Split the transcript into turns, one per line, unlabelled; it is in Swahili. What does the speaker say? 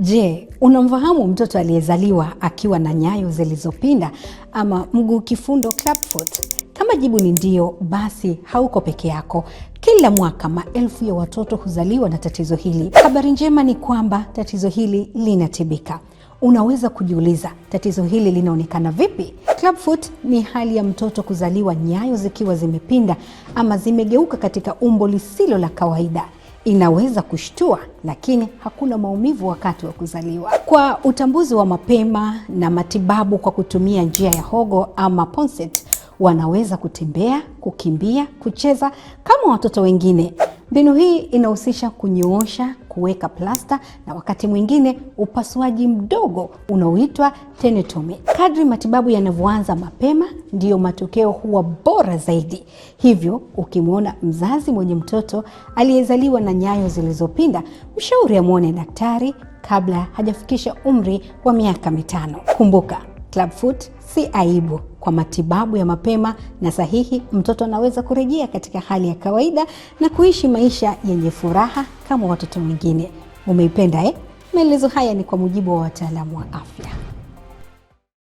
Je, unamfahamu mtoto aliyezaliwa akiwa na nyayo zilizopinda ama mguu kifundo clubfoot? Kama jibu ni ndio, basi hauko peke yako. Kila mwaka maelfu ya watoto huzaliwa na tatizo hili. Habari njema ni kwamba tatizo hili linatibika. Unaweza kujiuliza tatizo hili linaonekana vipi? Clubfoot ni hali ya mtoto kuzaliwa nyayo zikiwa zimepinda ama zimegeuka katika umbo lisilo la kawaida inaweza kushtua, lakini hakuna maumivu wakati wa kuzaliwa. Kwa utambuzi wa mapema na matibabu kwa kutumia njia ya Hogo ama Ponset, wanaweza kutembea, kukimbia, kucheza kama watoto wengine. Mbinu hii inahusisha kunyoosha kuweka plasta na wakati mwingine upasuaji mdogo unaoitwa tenetome Kadri matibabu yanavyoanza mapema, ndiyo matokeo huwa bora zaidi. Hivyo ukimwona mzazi mwenye mtoto aliyezaliwa na nyayo zilizopinda, mshauri amwone daktari kabla hajafikisha umri wa miaka mitano. Kumbuka, clubfoot si aibu kwa matibabu ya mapema na sahihi, mtoto anaweza kurejea katika hali ya kawaida na kuishi maisha yenye furaha kama watoto wengine. Umeipenda eh? Maelezo haya ni kwa mujibu wa wataalamu wa afya.